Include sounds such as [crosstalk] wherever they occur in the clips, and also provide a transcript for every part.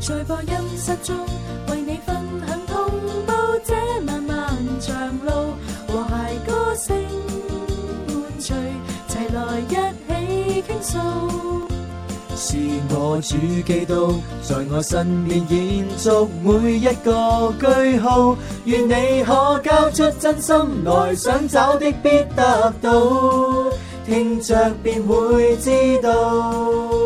在播音室中，為你分享同走這漫漫長路，和諧歌聲伴隨，齊來一起傾訴。是我主基督在我身邊延續每一個句號，願你可交出真心來，想找的必得到，聽着，便會知道。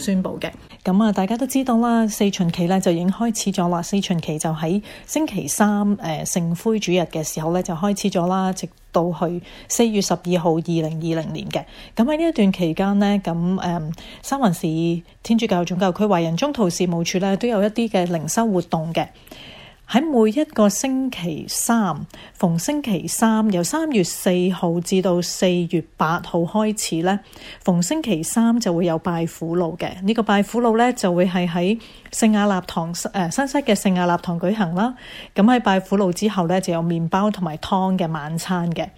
宣布嘅。咁啊，大家都知道啦，四旬期咧就已經開始咗啦，四旬期就喺星期三誒聖、呃、灰主日嘅時候咧就開始咗啦，直到去四月十二號二零二零年嘅。咁喺呢一段期間呢，咁、嗯、誒三藩市天主教總教區華人中途事務處咧都有一啲嘅靈修活動嘅。喺每一個星期三，逢星期三由三月四號至到四月八號開始咧，逢星期三就會有拜苦路嘅。呢、這個拜苦路咧就會係喺聖亞納堂誒新息嘅聖亞納堂舉行啦。咁、嗯、喺拜苦路之後咧就有麵包同埋湯嘅晚餐嘅。咁、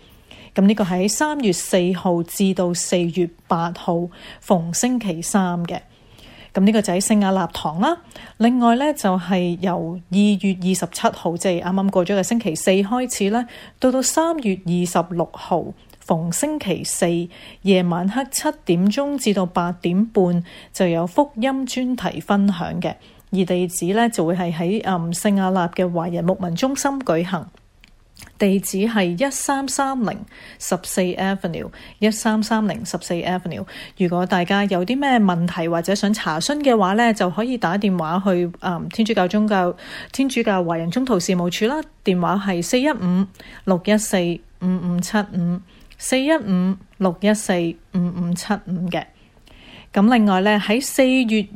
嗯、呢、這個係三月四號至到四月八號逢星期三嘅。咁呢個就係聖亞納堂啦。另外呢，就係、是、由二月二十七號，即係啱啱過咗個星期四開始呢，到到三月二十六號，逢星期四夜晚黑七點鐘至到八點半，就有福音專題分享嘅。而地址呢，就會係喺誒聖亞納嘅華人牧民中心舉行。地址係一三三零十四 Avenue，一三三零十四 Avenue。如果大家有啲咩問題或者想查詢嘅話呢，就可以打電話去誒、嗯、天主教宗教天主教華人中途事務處啦。電話係四一五六一四五五七五，四一五六一四五五七五嘅。咁另外咧，喺四月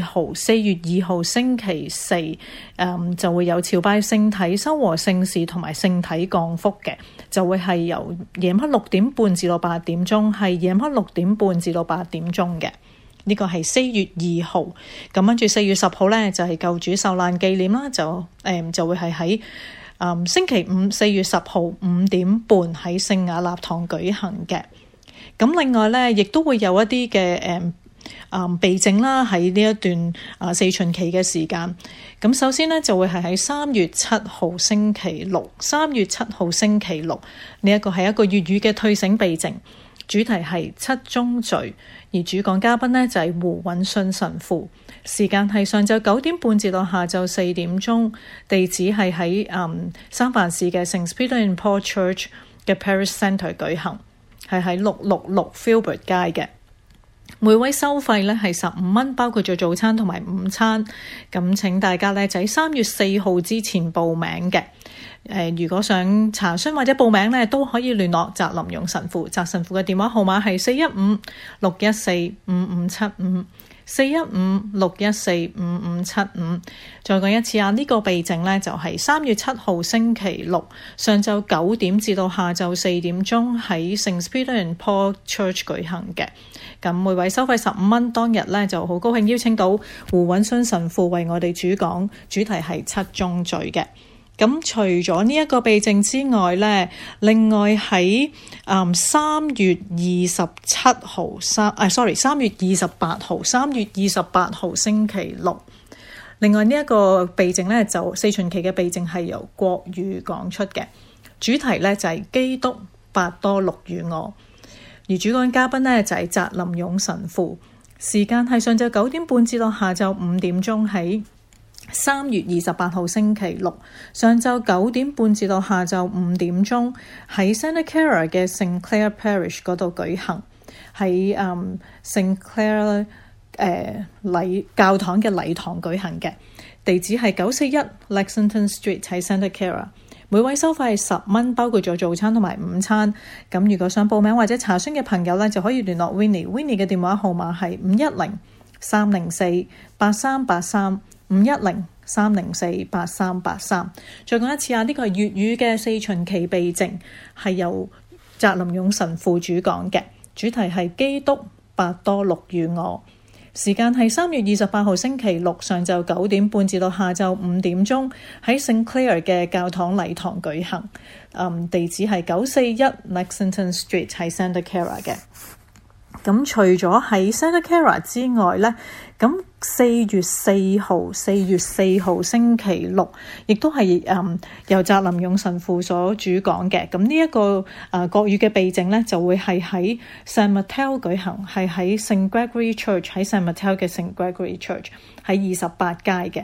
二號，四月二號星期四，誒、嗯、就會有朝拜聖體、修和聖事同埋聖體降福嘅，就會係由夜晚六點半至到八點鐘，係夜晚六點半至到八點鐘嘅。這個、呢個係四月二號。咁跟住四月十號咧，就係、是、救主受難紀念啦，就誒、嗯、就會係喺誒星期五，四月十號五點半喺聖雅納堂舉行嘅。咁另外咧，亦都會有一啲嘅誒啊避靜啦，喺呢一段啊四旬期嘅時間。咁、嗯、首先咧，就會係喺三月七號星期六，三月七號星期六呢一個係一個粵語嘅退省避靜，主題係七宗罪，而主講嘉賓咧就係、是、胡允信神父。時間係上晝九點半至到下晝四點鐘，地址係喺啊三藩市嘅 St. Peter and Paul Church 嘅 Parish Centre 舉行。係喺六六六 Filbert 街嘅，每位收費呢係十五蚊，包括咗早餐同埋午餐。咁請大家呢就喺三月四號之前報名嘅。誒、呃，如果想查詢或者報名呢，都可以聯絡澤林用神父。澤神父嘅電話號碼係四一五六一四五五七五。四一五六一四五五七五，再講一次啊！呢、呢個避靜呢，就係三月七號星期六上晝九點至到下晝四點鐘喺聖斯皮里安坡 church 舉行嘅。咁每位收費十五蚊。當日呢就好高興邀請到胡允信神父為我哋主講，主題係七宗罪嘅。咁除咗呢一個避靜之外呢另外喺三月二十七號三 sorry 三月二十八號，三月二十八號星期六。另外呢一個避靜呢，就四旬期嘅避靜係由國語講出嘅主題呢，就係、是、基督八多六與我。而主講嘉賓呢，就係、是、翟林勇神父。時間係上晝九點半至到下晝五點鐘起。三月二十八號星期六上晝九點半至到下晝五點鐘，喺 Santa Clara 嘅 Saint Clair Parish 嗰度舉行喺嗯、um, Saint Clair 誒、呃、禮教堂嘅禮堂舉行嘅。地址係九四一 Lexington Street 喺 Santa Clara。每位收費十蚊，包括咗早餐同埋午餐。咁如果想報名或者查詢嘅朋友呢，就可以聯絡 Winnie。Winnie 嘅電話號碼係五一零三零四八三八三。五一零三零四八三八三，再講一次啊！呢個係粵語嘅四旬期避靜，係由澤林勇神父主講嘅，主題係基督、伯多祿與我。時間係三月二十八號星期六上晝九點半至到下晝五點鐘，喺聖 Clare 嘅教堂禮堂舉行。Um, 地址係九四一 Lexington Street 喺 Santa Clara 嘅。咁除咗喺 Santa Clara 之外呢。咁四月四號，四月四號星期六，亦都係誒、嗯、由澤林永神父所主講嘅。咁呢一個誒、呃、國語嘅避靜咧，就會係喺 Saint m a t e a l 舉行，係喺 St Gregory Church 喺 Saint m a t e a l 嘅 St Gregory Church 喺二十八街嘅。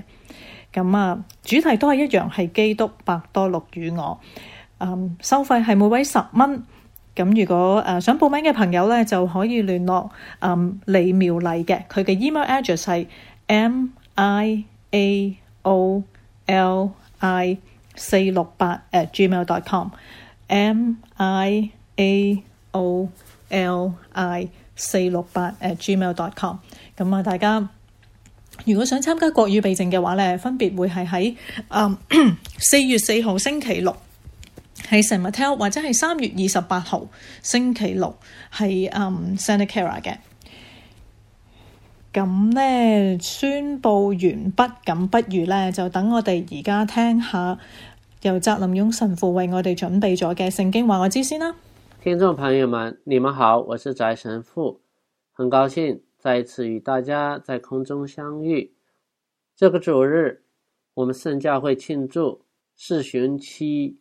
咁、嗯、啊，主題都係一樣，係基督伯多祿與我。誒、嗯，收費係每位十蚊。咁如果誒，想報名嘅朋友咧，就可以聯絡，嗯，李妙麗嘅，佢嘅 email address 係 m i a o l i 四六八誒 g m a i l dot c o m m i a o l i 四六八誒 g m a i l dot c o m 咁啊，大家如果想參加國語備證嘅話咧，分別會係喺誒四月四號星期六。喺成物 t 或者係三月二十八號星期六，係嗯 Sandy Kara 嘅。咁咧宣布完畢，咁不，不如咧就等我哋而家聽下由翟林勇神父為我哋準備咗嘅聖經話外之先啦。聽眾朋友們，你們好，我是翟神父，很高興再一次與大家在空中相遇。這個主日，我們聖教會慶祝四旬期。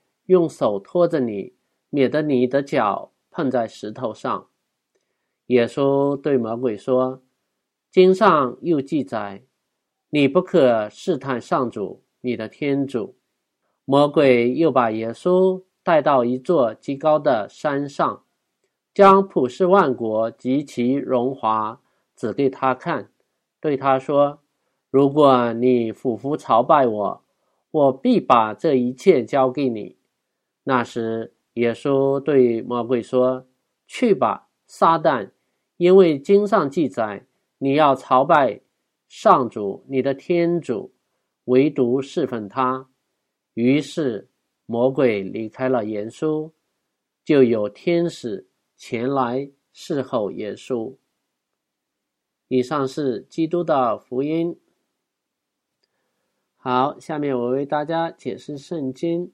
用手托着你，免得你的腳碰在石頭上。耶穌對魔鬼說：經上又記載，你不可試探上主，你的天主。魔鬼又把耶穌帶到一座極高的山上，將普世萬國及其榮華指給他看，對他說：如果你俯伏朝拜我，我必把這一切交給你。那時耶穌對魔鬼說：去吧，撒旦，因為經上記載，你要朝拜上主，你的天主，唯獨侍奉他。於是魔鬼離開了耶穌，就有天使前來侍候耶穌。以上是基督的福音。好，下面我為大家解釋聖經。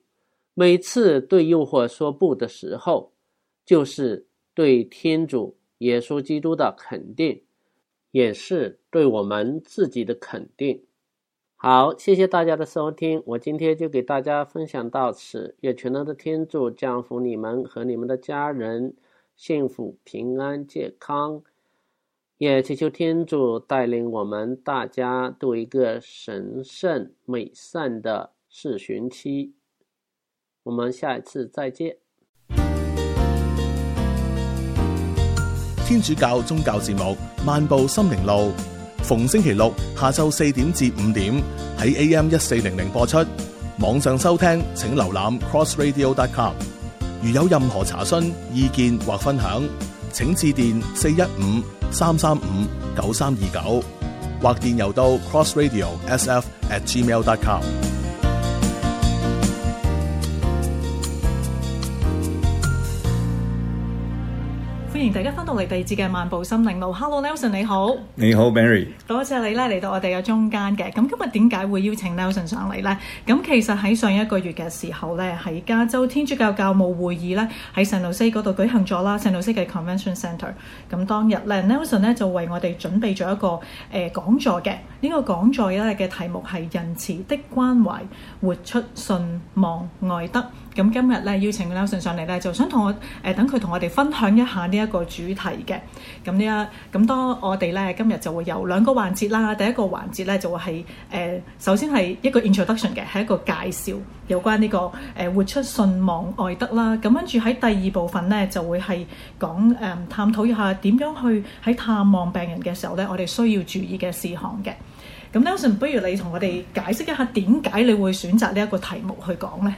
每次對誘惑說不的時候，就是對天主耶穌基督的肯定，也是對我們自己的肯定。好，謝謝大家的收聽，我今天就給大家分享到此。願全能的天主降福你們和你們的家人，幸福、平安、健康。也祈求天主帶領我們大家度一個神聖美善的四旬期。我們下一次再見。天主教宗教節目《漫步心靈路》，逢星期六下晝四點至五點喺 AM 一四零零播出。網上收聽，請瀏覽 crossradio.com。如有任何查詢、意見或分享，請致電四一五三三五九三二九，或電郵到 crossradiosf@gmail.com。歡迎大家翻到嚟地節嘅漫步心靈路。Hello，Nelson，你好。你好 Barry 多謝你咧嚟到我哋嘅中間嘅咁。今日點解會邀請 Nelson 上嚟呢？咁其實喺上一個月嘅時候咧，喺加州天主教教務會議咧喺聖路西嗰度舉行咗啦。聖路西嘅 Convention Center 咁當日咧 [laughs] ，Nelson 咧就為我哋準備咗一個誒講、呃、座嘅呢、這個講座咧嘅題目係仁慈的關懷。活出信望愛德，咁今日咧邀請 Larson 上嚟咧，就想同我誒、呃、等佢同我哋分享一下呢一個主題嘅。咁呢一咁多我哋咧今日就會有兩個環節啦。第一個環節咧就會係誒、呃、首先係一個 introduction 嘅，係一個介紹有關呢、呢個誒、呃、活出信望愛德啦。咁跟住喺第二部分咧就會係講誒探討一下點樣去喺探望病人嘅時候咧，我哋需要注意嘅事項嘅。咁 l i 不如你同我哋解釋一下點解你會選擇呢一個題目去講咧？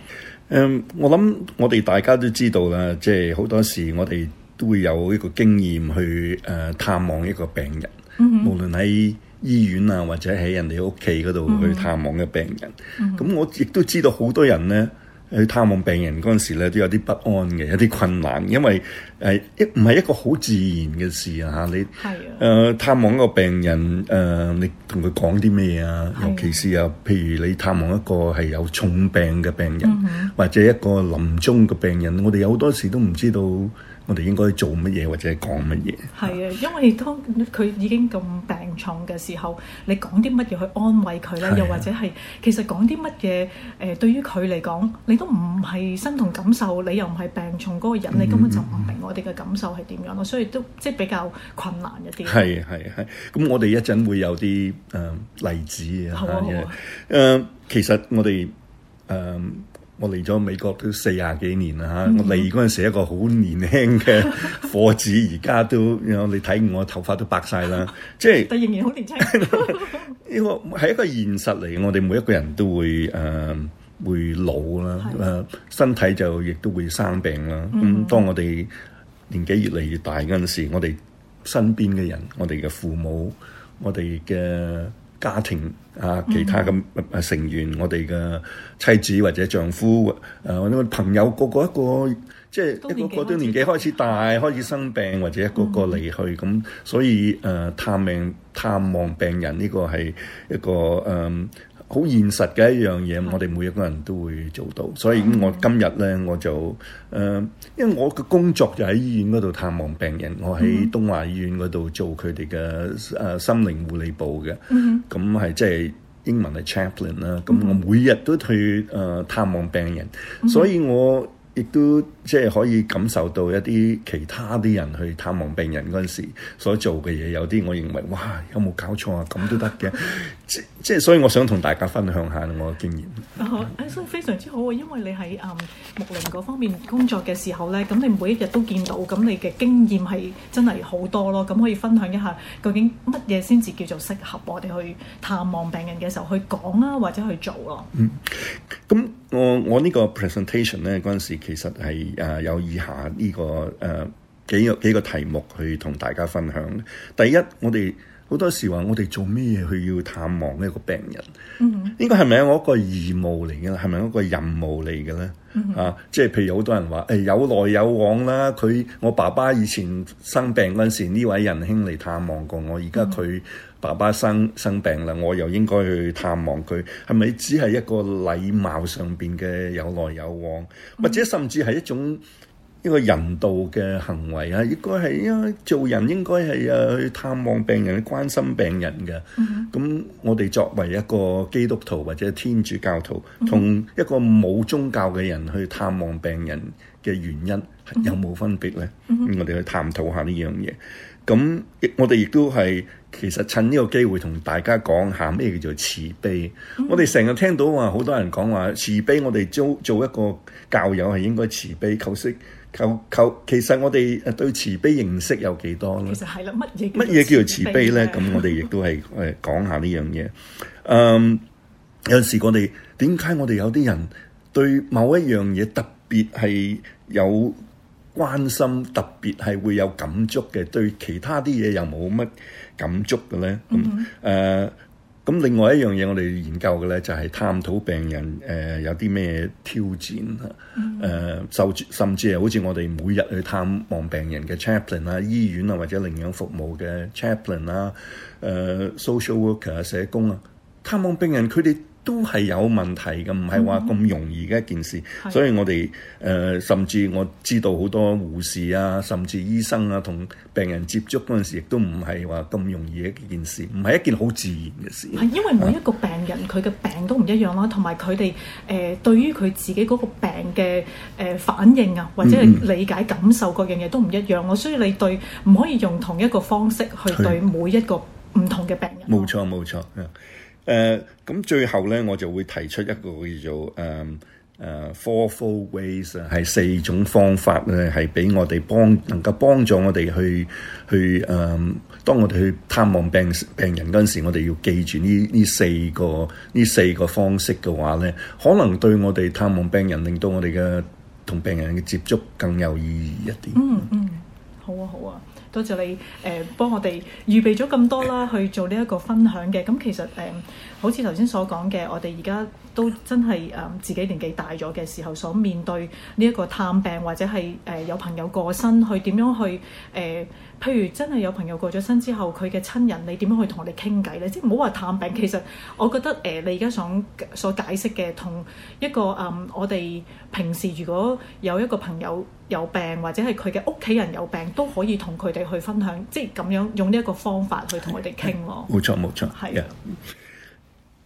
誒，um, 我諗我哋大家都知道啦，即係好多時我哋都會有一個經驗去誒、呃、探望一個病人，mm hmm. 無論喺醫院啊或者喺人哋屋企嗰度去探望嘅病人。咁、mm hmm. 我亦都知道好多人咧。去探望病人嗰陣時咧，都有啲不安嘅，有啲困難，因為誒亦唔係一個好自然嘅事啊！嚇你誒、啊呃、探望一個病人誒、呃，你同佢講啲咩啊？啊尤其是啊，譬如你探望一個係有重病嘅病人，啊、或者一個臨終嘅病人，我哋好多時都唔知道。我哋應該做乜嘢或者講乜嘢？係啊，因為當佢已經咁病重嘅時候，你講啲乜嘢去安慰佢咧？係。又或者係其實講啲乜嘢？誒、呃，對於佢嚟講，你都唔係身同感受，你又唔係病重嗰個人，嗯、你根本就唔明我哋嘅感受係點樣咯。嗯、所以都即係比較困難一啲。係係係。咁我哋一陣會有啲誒、呃、例子啊，好，好，誒，其實我哋誒。嗯我嚟咗美國都四十幾年啦吓，mm hmm. 我嚟嗰陣時一個好年輕嘅貨子，而家 [laughs] 都你睇我頭髮都白晒啦， [laughs] 即係是，但係 [laughs] 仍然好年輕。呢個係一個現實嚟，我哋每一個人都會誒、呃、會老啦，誒的、啊、身體就亦都會生病啦。咁、mm hmm. 當我哋年紀越嚟越大嗰陣時，我哋身邊嘅人，我哋嘅父母，我哋嘅。家庭啊，其他咁啊成員、嗯、我哋嘅妻子或者丈夫，誒、嗯啊、我呢個朋友個個一個，即係一個一個都年紀開始大，嗯、開始生病或者一個一個離去咁，嗯、所以誒、呃、探病探望病人呢個係一個誒。嗯好現實嘅一樣嘢，嗯、我哋每一個人都會做到，所以我今日咧我就誒、呃，因為我嘅工作就喺醫院嗰度探望病人，我喺東華醫院嗰度做佢哋嘅誒心靈護理部嘅，咁係即係英文係 chaplain 啦。咁我每日都去誒探望病人，所以我亦都即係、就是、可以感受到一啲其他啲人去探望病人嗰陣時所做嘅嘢，有啲我認為哇，有冇搞錯啊？咁都得嘅。嗯即係，所以我想同大家分享下我嘅經驗。非常之好，因為你喺誒、um, 木林嗰方面工作嘅時候呢，咁你每一日都見到，咁你嘅經驗係真係好多咯。咁可以分享一下，究竟乜嘢先至叫做適合我哋去探望病人嘅時候去講啊，或者去做咯。咁、嗯、我我呢個 presentation 呢，嗰陣時，其實係誒、uh, 有以下呢、這個誒、uh, 幾個幾個題目去同大家分享。第一，我哋。好多時話我哋做咩去要探望一個病人？嗯、mm，hmm. 應該係咪我一個義務嚟嘅啦？係咪一個任務嚟嘅咧？Mm hmm. 啊，即係譬如好多人話誒、欸、有來有往啦。佢我爸爸以前生病嗰陣時，呢位仁兄嚟探望過我，而家佢爸爸生、mm hmm. 生病啦，我又應該去探望佢。係咪只係一個禮貌上面嘅有來有往，mm hmm. 或者甚至係一種？一個人道嘅行為啊，應該係因為做人應該係啊去探望病人、關心病人嘅。咁、mm hmm. 我哋作為一個基督徒或者天主教徒，同、mm hmm. 一個冇宗教嘅人去探望病人嘅原因、mm hmm. 有冇分別咧？Mm hmm. 我哋去探討下呢樣嘢。咁我哋亦都係其實趁呢個機會同大家講下咩叫做慈、mm hmm. 慈悲。我哋成日聽到話好多人講話慈悲，我哋做做一個教友係應該慈悲、求息。其實我哋誒對慈悲認識有幾多咧？其實係啦，乜嘢乜嘢叫做慈悲呢？咁 [laughs] 我哋亦都係誒講下呢樣嘢。嗯、um，有陣時我哋點解我哋有啲人對某一樣嘢特別係有關心，特別係會有感觸嘅，對其他啲嘢又冇乜感觸嘅咧？嗯、mm，hmm. 咁另外一樣嘢，我哋研究嘅咧就係、是、探討病人誒、呃、有啲咩挑戰啊，誒就、mm hmm. 呃、甚至係好似我哋每日去探望病人嘅 chaplain 啊、醫院啊或者靈養服務嘅 chaplain 啊、誒、呃、social worker 社工啊，探望病人佢哋。都係有問題嘅，唔係話咁容易嘅一件事。嗯、所以我哋誒、呃、甚至我知道好多護士啊，甚至醫生啊，同病人接觸嗰陣時，亦都唔係話咁容易嘅一件事，唔係一件好自然嘅事。因為每一個病人佢嘅、啊、病都唔一樣啦，同埋佢哋誒對於佢自己嗰個病嘅誒、呃、反應啊，或者係理解感受各樣嘢都唔一樣。我、嗯、所以你對唔可以用同一個方式去對每一個唔同嘅病人。冇錯的，冇錯。誒，咁、uh, 最後咧，我就會提出一個叫做誒誒、um, uh, Four Four Ways，係四種方法咧，係俾我哋幫能夠幫助我哋去去誒，um, 當我哋去探望病病人嗰時，我哋要記住呢呢四個呢四個方式嘅話咧，可能對我哋探望病人，令到我哋嘅同病人嘅接觸更有意義一啲。嗯嗯，好啊好啊。多謝你誒、呃、幫我哋預備咗咁多啦，去做呢一個分享嘅。咁、嗯、其實誒。呃好似頭先所講嘅，我哋而家都真係誒、呃、自己年紀大咗嘅時候，所面對呢一個探病或者係誒、呃、有朋友過身去點樣去誒、呃？譬如真係有朋友過咗身之後，佢嘅親人你點樣去同我哋傾偈呢？即係唔好話探病，其實我覺得誒、呃，你而家想所解釋嘅同一個誒、呃，我哋平時如果有一個朋友有病，或者係佢嘅屋企人有病，都可以同佢哋去分享，即係咁樣用呢一個方法去同佢哋傾囉。冇錯，冇錯，係啊是。Yeah.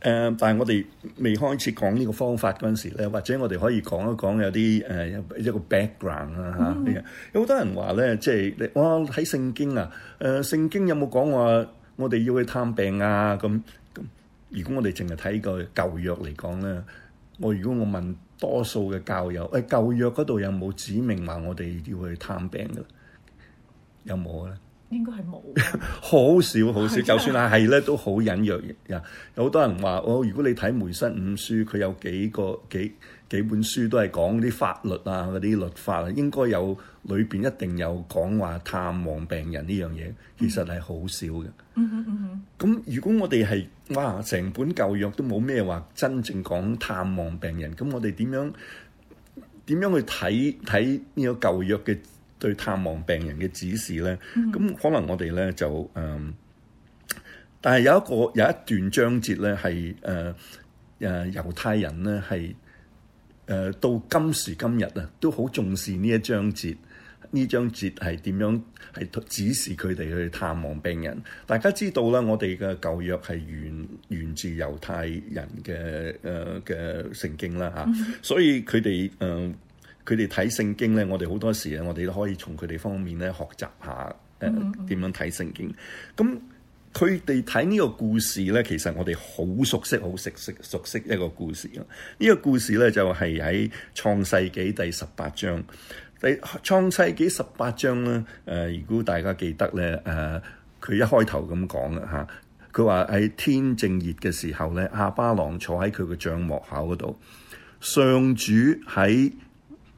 誒，但係我哋未開始講呢個方法嗰陣時咧，或者我哋可以講一講有啲誒、呃、一個 background 啊吓，嗯、有好多人話咧，即係哇喺聖經啊，誒、呃、聖經有冇講話我哋要去探病啊咁咁？如果我哋淨係睇個舊約嚟講咧，我如果我問多數嘅教友，誒舊約嗰度有冇指明話我哋要去探病㗎？有冇咧？應該係冇， [laughs] 好少好少。的就算係係咧，都好隱約。有好多人話：哦，如果你睇梅瑟五書，佢有幾個幾幾本書都係講啲法律啊、嗰啲律法啊，應該有裏邊一定有講話探望病人呢樣嘢。其實係好少嘅。咁、嗯嗯、如果我哋係哇，成本舊約都冇咩話真正講探望病人，咁我哋點樣點樣去睇睇呢個舊約嘅？對探望病人嘅指示咧，咁、mm hmm. 可能我哋咧就誒、呃，但係有一個有一段章節咧係誒誒猶太人咧係誒到今時今日啊，都好重視呢一章節，呢章節係點樣係指示佢哋去探望病人。大家知道啦，我哋嘅舊約係源源自猶太人嘅誒嘅聖經啦嚇，啊 mm hmm. 所以佢哋誒。呃佢哋睇聖經咧，我哋好多時咧，我哋都可以從佢哋方面咧學習下，誒、呃、點樣睇聖經。咁佢哋睇呢個故事咧，其實我哋好熟悉、好熟悉熟悉一個故事咯。呢、這個故事咧就係喺創世紀第十八章，第創世紀十八章咧，誒、呃、如果大家記得咧，誒、呃、佢一開頭咁講啦嚇，佢話喺天正熱嘅時候咧，阿巴郎坐喺佢嘅帳幕口嗰度，上主喺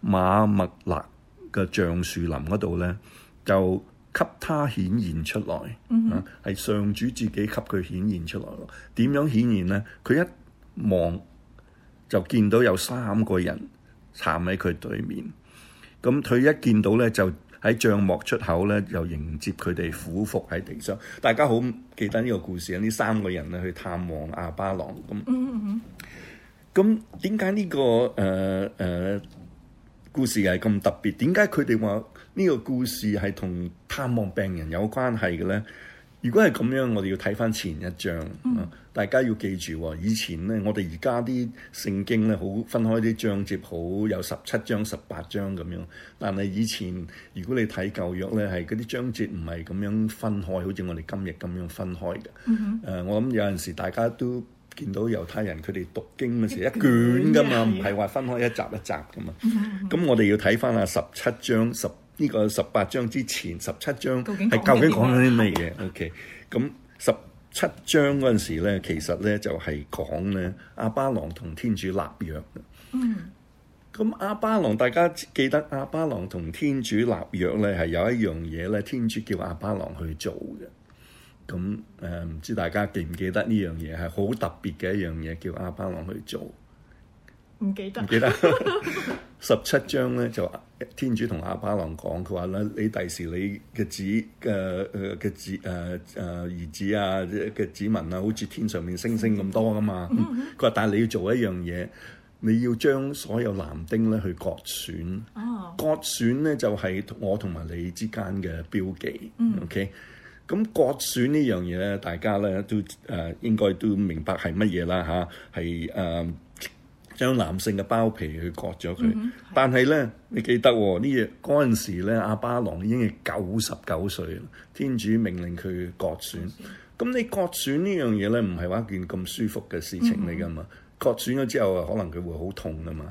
馬麥納嘅橡樹林嗰度咧，就給他顯現出來，係、mm hmm. 啊、上主自己給佢顯現出來咯。點樣顯現呢？佢一望就見到有三個人站喺佢對面，咁佢一見到咧就喺帳幕出口咧就迎接佢哋，俯伏喺地上。大家好記得呢個故事啊！呢三個人咧去探望阿巴郎咁。咁點解呢個誒誒？呃呃故事係咁特別，點解佢哋話呢個故事係同探望病人有關係嘅咧？如果係咁樣，我哋要睇翻前一章。嗯、大家要記住，以前咧，我哋而家啲聖經咧，好分開啲章節，好有十七章、十八章咁樣。但係以前，如果你睇舊約咧，係嗰啲章節唔係咁樣分開，好似我哋今日咁樣分開嘅。嗯哼、呃、我諗有陣時大家都。見到猶太人佢哋讀經嘅時，一卷噶嘛，唔係話分開一集一集噶嘛。咁 [laughs] 我哋要睇翻下十七章十呢個十八章之前，十七章係究竟講緊啲咩嘢？O K，咁十七章嗰陣時咧，其實咧就係、是、講咧阿巴郎同天主立約。嗯。咁阿巴郎，大家記得阿巴郎同天主立約咧，係有一樣嘢咧，天主叫阿巴郎去做嘅。咁誒唔知大家記唔記得呢樣嘢係好特別嘅一樣嘢，叫阿巴郎去做。唔記得。唔記得。十七章咧就天主同阿巴郎講，佢話咧你第時你嘅子嘅嘅子誒誒兒子啊嘅、呃呃呃、子民啊，好似天上面星星咁多噶嘛。佢話、嗯哼，但係你要做一樣嘢，你要將所有男丁咧去割損。哦。割損咧就係、是、我同埋你之間嘅標記。O K、嗯。Okay? 咁割損呢樣嘢咧，大家咧都誒應該都明白係乜嘢啦吓，係、啊、誒、啊、將男性嘅包皮去割咗佢。嗯、哼但係咧，是的 你記得、哦、呢嘢嗰陣時咧，阿巴郎已經係九十九歲，天主命令佢割損。咁、嗯、哼你割損呢樣嘢咧，唔係話一件咁舒服嘅事情嚟㗎嘛。嗯。割損咗之後，可能佢會好痛啊嘛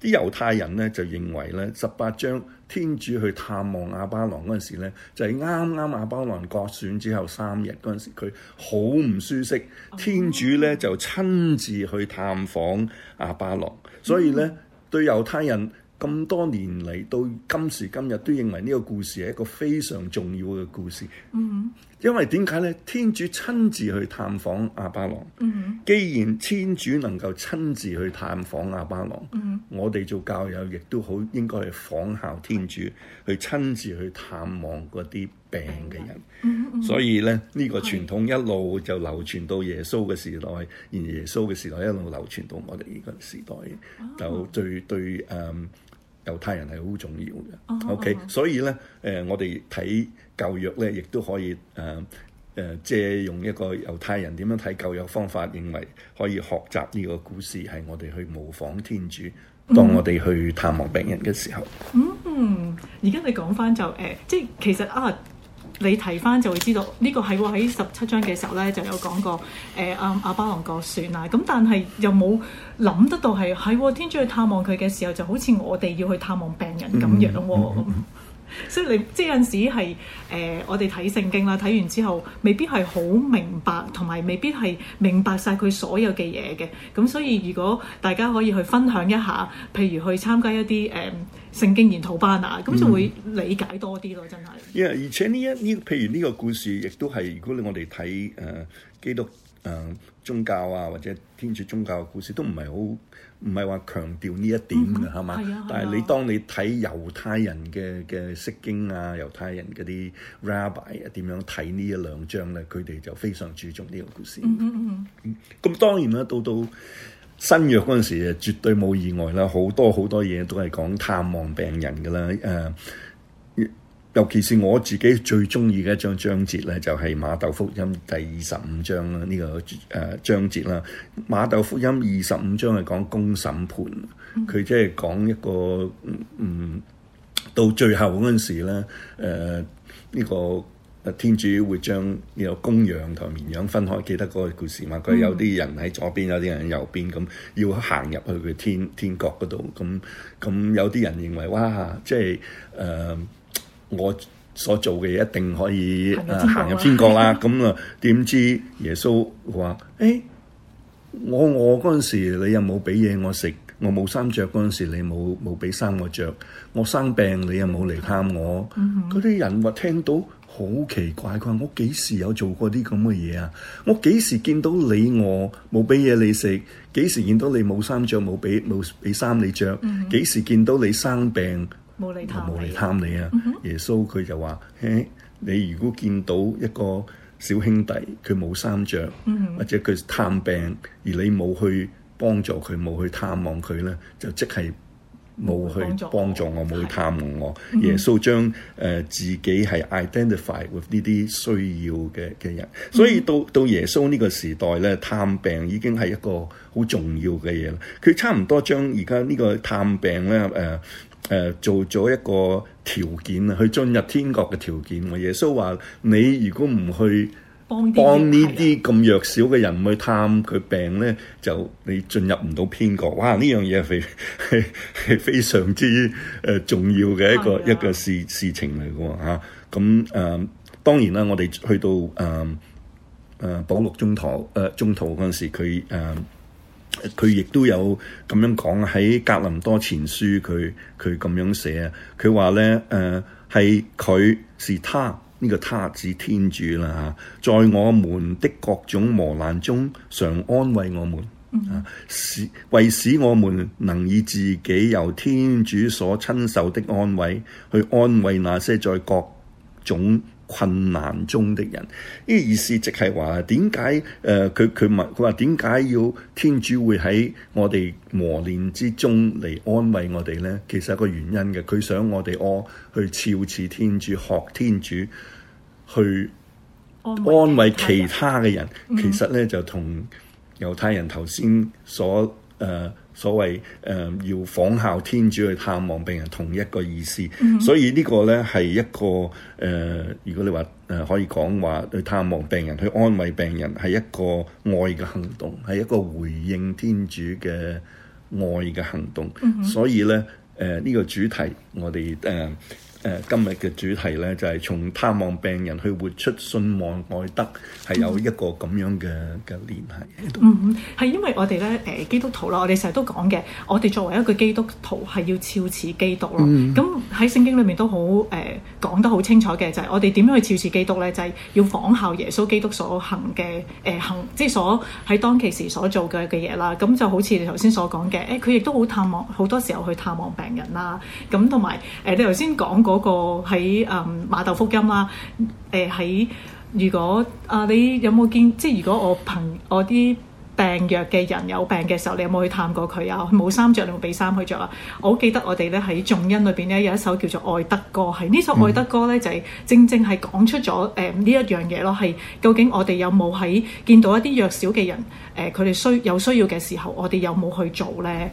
嚇！啲的猶太人呢，就認為呢十八章天主去探望亞巴郎嗰陣時咧，就係啱啱亞巴郎割損之後三日嗰陣時，佢好唔舒適。Okay. 天主呢，就親自去探訪亞巴郎，所以呢，mm hmm. 對猶太人。咁多年嚟到今時今日，都認為呢個故事係一個非常重要嘅故事。Mm hmm. 因為點解呢？天主親自去探訪阿巴郎。Mm hmm. 既然天主能夠親自去探訪阿巴郎，mm hmm. 我哋做教友亦都好應該去仿效天主，mm hmm. 去親自去探望嗰啲病嘅人。Mm hmm. 所以呢，呢、呢個傳統一路就流傳到耶穌嘅時代，而耶穌嘅時代一路流傳到我哋呢個時代，就最對誒。Hmm. Mm hmm. mm hmm. 猶太人係好重要嘅，OK，所以咧，誒、呃，我哋睇舊約咧，亦都可以誒誒、呃、借用一個猶太人點樣睇舊約方法，認為可以學習呢個故事，係我哋去模仿天主，當我哋去探望病人嘅時候。嗯嗯、mm，而、hmm. 家、mm hmm. 你講翻就誒、呃，即係其實啊。你睇翻就會知道呢、呢個係喎，喺十七章嘅時候呢，就有講過誒阿阿巴郎割損啊，咁但係又冇諗得到係喎、哎、天主去探望佢嘅時候就好似我哋要去探望病人咁樣喎、哦，嗯嗯、 [laughs] 所以你即有陣時係誒、呃、我哋睇聖經啦，睇完之後未必係好明白，同埋未必係明白晒佢所有嘅嘢嘅，咁所以如果大家可以去分享一下，譬如去參加一啲誒。呃聖經研討班啊，咁就會理解多啲咯，真係。Yeah, 而且呢一呢，譬如呢個故事，亦都係如果你我哋睇誒基督誒、呃、宗教啊，或者天主宗教嘅故事，都唔係好唔係話強調呢一點嘅，係嘛？啊、但係你當你睇猶太人嘅嘅釋經啊，猶太人嗰啲 Rabbi 點、啊、樣睇呢一兩章咧，佢哋就非常注重呢個故事。嗯咁、嗯嗯嗯嗯、當然啦，到到。新約嗰陣時誒，絕對冇意外啦。好多好多嘢都係講探望病人噶啦誒、呃，尤其是我自己最中意嘅一章章節咧，就係、是、馬太福音第二十五章啦。呢、這個誒章節啦，馬太福音二十五章係講公審判，佢即係講一個嗯，嗯到最後嗰陣時咧誒呢、呃這個。天主會將有公羊同綿羊分開，記得嗰個故事嘛？佢有啲人喺左邊，有啲人喺右邊，咁要行入去佢天天國嗰度。咁咁有啲人認為，哇！即係誒、呃，我所做嘅嘢一定可以行入天國啦。咁啊，點 [laughs] 知耶穌話：誒、欸，我我餓嗰陣時你又冇畀嘢我食，我冇衫着嗰陣時你冇冇畀衫我着，我生病你又冇嚟探我。嗰啲、嗯、哼人話聽到。好奇怪！佢話：我幾時有做過啲咁嘅嘢啊？我幾時見到你我冇畀嘢你食？幾時見到你冇衫着？冇畀冇俾衫你着？幾、mm hmm. 時見到你生病冇嚟探，探你啊？Mm hmm. 耶穌佢就話：嘿，你如果見到一個小兄弟佢冇衫着，mm hmm. 或者佢探病而你冇去幫助佢冇去探望佢呢，就即係。冇去幫助我，冇去探我。耶穌將誒、呃、自己係 identify with 呢啲需要嘅嘅人，所以到到耶穌呢個時代咧，探病已經係一個好重要嘅嘢。佢差唔多將而家呢個探病咧誒誒做咗一個條件啊，去進入天國嘅條件。耶穌話：你如果唔去，幫呢啲咁弱小嘅人去探佢病咧， [noise] 就你進入唔到邊角，哇！呢樣嘢係非常之誒重要嘅一個的一個事事情嚟嘅嚇。咁、啊、誒當然啦，我哋去到誒誒、啊、保羅中途誒、啊、中途嗰陣時，佢誒佢亦都有咁樣講喺《格林多前書》，佢佢咁樣寫，佢話咧誒係佢是他。呢個他指天主啦，在我們的各種磨難中，常安慰我們，啊、使為使我們能以自己由天主所親受的安慰，去安慰那些在各種困難中的人，呢個意思即係話點解？誒，佢佢問佢話點解要天主會喺我哋磨練之中嚟安慰我哋咧？其實係一個原因嘅，佢想我哋我、哦、去效持天主，學天主去安慰其他嘅人。人嗯、其實咧就同猶太人頭先所誒。呃所謂誒、呃、要仿效天主去探望病人，同一個意思。Mm hmm. 所以呢個咧係一個誒、呃，如果你話誒、呃、可以講話去探望病人，去安慰病人，係一個愛嘅行動，係一個回應天主嘅愛嘅行動。Mm hmm. 所以咧誒呢、呃呢個主題，我哋誒。Uh, 誒今日嘅主題咧，就係從探望病人去活出信望愛德，係有一個咁樣嘅嘅聯繫喺度。嗯，係因為我哋咧誒基督徒啦，我哋成日都講嘅，我哋作為一個基督徒係要肖似基督咯。咁喺聖經裏面都好誒講得好清楚嘅，就係我哋點樣去肖似基督咧，就係要仿效耶穌基督所行嘅誒、呃、行，即係所喺當其時所做嘅嘅嘢啦。咁就好似你頭先所講嘅，誒佢亦都好探望好多時候去探望病人啦。咁同埋誒你頭先講過。嗰個喺誒瑪竇福音啦。誒、啊、喺、呃、如果啊你有冇見？即係如果我朋我啲病弱嘅人有病嘅時候，你有冇去探過佢啊？冇衫着，你會俾衫去着啊？我好記得我哋咧喺頌恩裏邊咧有一首叫做愛德歌，係呢首愛德歌咧就係、是、正正係講出咗誒呢一樣嘢咯，係究竟我哋有冇喺見到一啲弱小嘅人誒佢哋需有需要嘅時候，我哋有冇去做咧？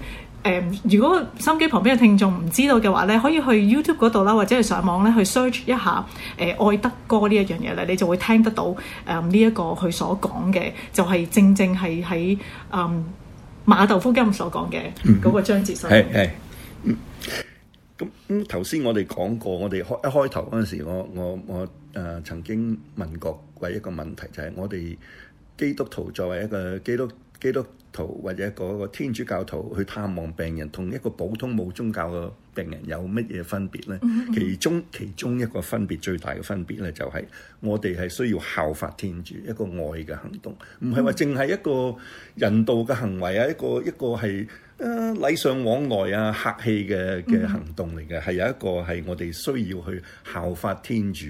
誒，如果收音機旁邊嘅聽眾唔知道嘅話咧，可以去 YouTube 嗰度啦，或者去上網咧去 search 一下誒、呃、愛德哥呢一樣嘢咧，你就會聽得到誒呢一個佢所講嘅，就係、是、正正係喺誒瑪竇福音所講嘅嗰個章節上。係係、嗯，咁咁頭先我哋講過，我哋開一開頭嗰陣時，我我我誒、呃、曾經問過一,一個問題，就係、是、我哋基督徒作為一個基督徒。基督徒或者一個天主教徒去探望病人，同一個普通冇宗教嘅病人有乜嘢分別呢？其中其中一個分別，最大嘅分別咧，就係我哋係需要效法天主一個愛嘅行動，唔係話淨係一個人道嘅行為啊，一個一個係啊禮尚往來啊客氣嘅嘅行動嚟嘅，係有一個係我哋需要去效法天主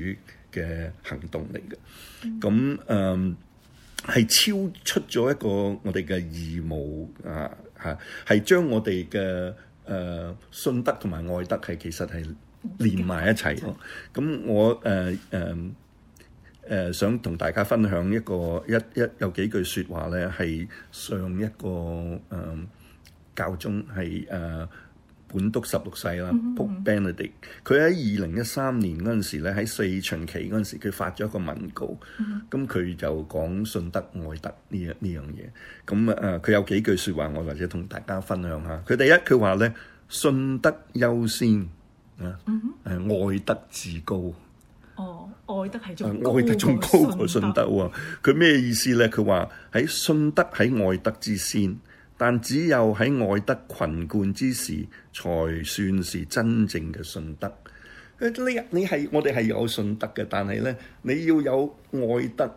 嘅行動嚟嘅。咁誒。係超出咗一個我哋嘅義務啊嚇，係將我哋嘅誒信德同埋愛德係其實係連埋一齊。咁、哦、我誒誒誒想同大家分享一個一一有幾句説話咧，係上一個誒、呃、教宗係誒。呃本篤十六世啦，Pope Benedict 佢喺二零一三年嗰陣時咧，喺四旬期嗰陣時，佢發咗一個文告，咁佢、mm hmm. 嗯、就講信德愛德呢一呢樣嘢。咁啊、嗯、啊，佢有幾句説話，我或者同大家分享下。佢第一佢話咧，信德優先、mm hmm. 啊，誒愛德至高。哦，愛德係仲、啊、愛德仲高過信德喎。佢咩、啊啊、意思咧？佢話喺信德喺愛德之先。但只有喺愛德群貫之時，才算是真正嘅信德。你你係我哋係有信德嘅，但係呢，你要有愛德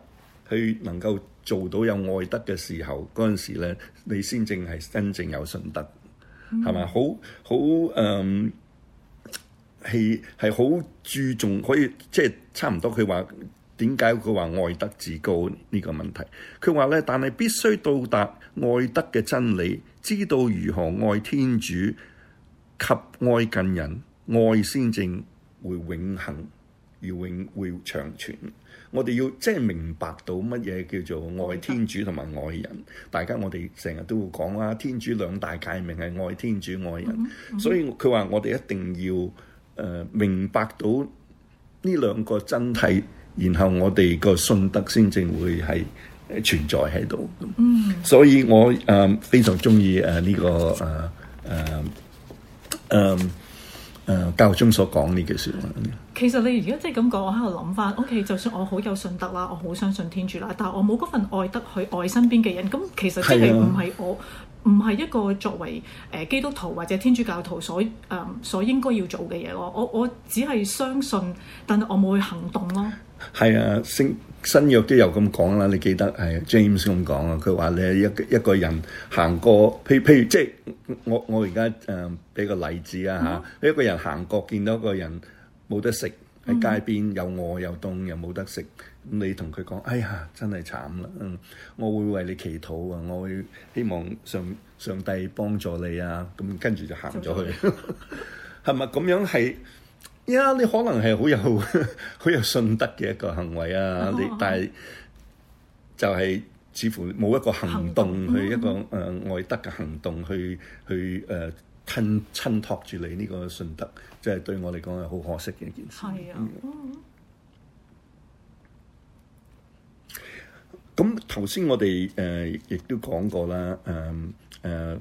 去能夠做到有愛德嘅時候，嗰陣時呢，你先正係真正有信德，係嘛、嗯？好好誒，係係好注重，可以即係、就是、差唔多佢話。點解佢話愛德至高呢個問題？佢話咧，但係必須到達愛德嘅真理，知道如何愛天主及愛近人，愛先至會永恆而永會長存。我哋要即係、就是、明白到乜嘢叫做愛天主同埋愛人。大家我哋成日都會講啦、啊，天主兩大誡命係愛天主愛人。所以佢話我哋一定要誒、呃、明白到呢兩個真體、嗯。然後我哋個信德先至會係存在喺度，嗯、所以我誒、呃、非常中意誒呢個誒誒誒誒教宗所講呢句説話。其實你而家即係咁講，我喺度諗返，OK，就算我好有信德啦，我好相信天主啦，但係我冇嗰份愛德去愛身邊嘅人，咁其實即係唔係我。唔係一個作為誒、呃、基督徒或者天主教徒所誒、呃、所應該要做嘅嘢咯，我我只係相信，但係我冇去行動咯。係啊，新新約都有咁講啦，你記得係 James 咁講啊，佢話你一一個人行過，譬譬如即係我我而家誒俾個例子啊嚇，嗯、一個人行過見到一個人冇得食喺街邊、嗯，又餓又凍又冇得食。你同佢講，哎呀，真係慘啦！嗯，我會為你祈禱啊，我會希望上上帝幫助你啊。咁、嗯、跟住就行咗去，係咪咁樣係？呀，你可能係好有好 [laughs] 有信德嘅一個行為啊！你但係就係似乎冇一個行動去一個誒、嗯呃、愛德嘅行動去去誒襯托住你呢個信德，即、就、係、是、對我嚟講係好可惜嘅一件事。係啊。嗯嗯咁頭先我哋誒亦都講過啦，誒誒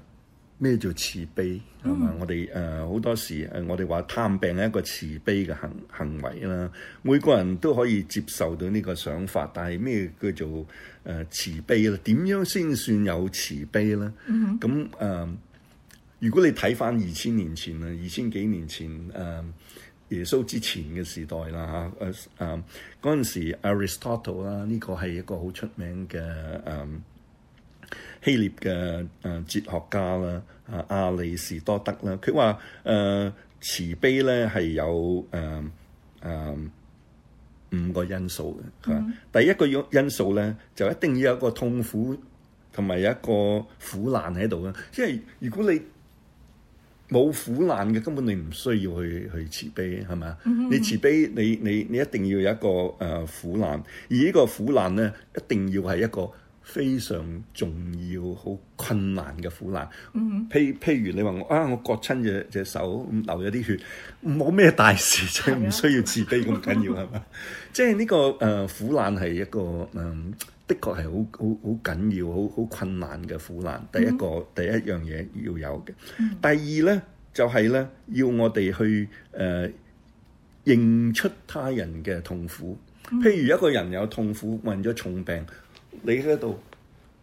咩叫慈悲？係嘛、mm hmm.，我哋誒好多時誒，我哋話探病係一個慈悲嘅行行為啦。每個人都可以接受到呢個想法，但係咩叫做誒、呃、慈悲咧？點樣先算有慈悲咧？咁誒、mm hmm. 呃，如果你睇翻二千年前啊，二千幾年前誒。呃耶穌之前嘅時代啦嚇，誒誒嗰陣時 Aristotle 啦、啊、呢、這個係一個好出名嘅誒、啊、希臘嘅誒、啊、哲學家啦，啊亞里士多德啦，佢話誒慈悲咧係有誒誒、啊啊、五個因素嘅。Mm-hmm. 第一個要因素咧就一定要有一個痛苦同埋有一個苦難喺度嘅，即係如果你冇苦難嘅，根本你唔需要去去慈悲，係咪啊？Mm hmm. 你慈悲，你你你一定要有一個誒苦難，而呢個苦難咧，一定要係一個。非常重要、好困難嘅苦難。譬、mm hmm. 譬如你話我啊，我割親隻隻手，流咗啲血，冇咩大事，即係唔需要慈悲咁緊要，係咪、mm？即係呢個誒、呃、苦難係一個誒、嗯，的確係好好好緊要、好好困難嘅苦難。第一個、mm hmm. 第一樣嘢要有嘅。Mm hmm. 第二咧，就係、是、咧，要我哋去誒、呃、認出他人嘅痛苦。Mm hmm. 譬如一個人有痛苦，患咗重病。你喺度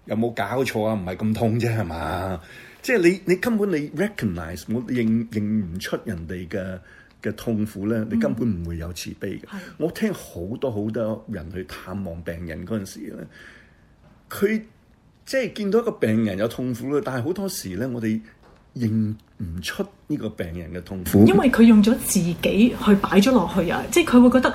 有冇搞錯啊？唔係咁痛啫，係嘛？即係你，你根本你 recognize，我認認唔出人哋嘅嘅痛苦咧，你根本唔會有慈悲嘅。嗯、我聽好多好多人去探望病人陣時咧，佢即係見到一個病人有痛苦咯，但係好多時咧，我哋認唔出呢個病人嘅痛苦，因為佢用咗自己去擺咗落去啊，即係佢會覺得，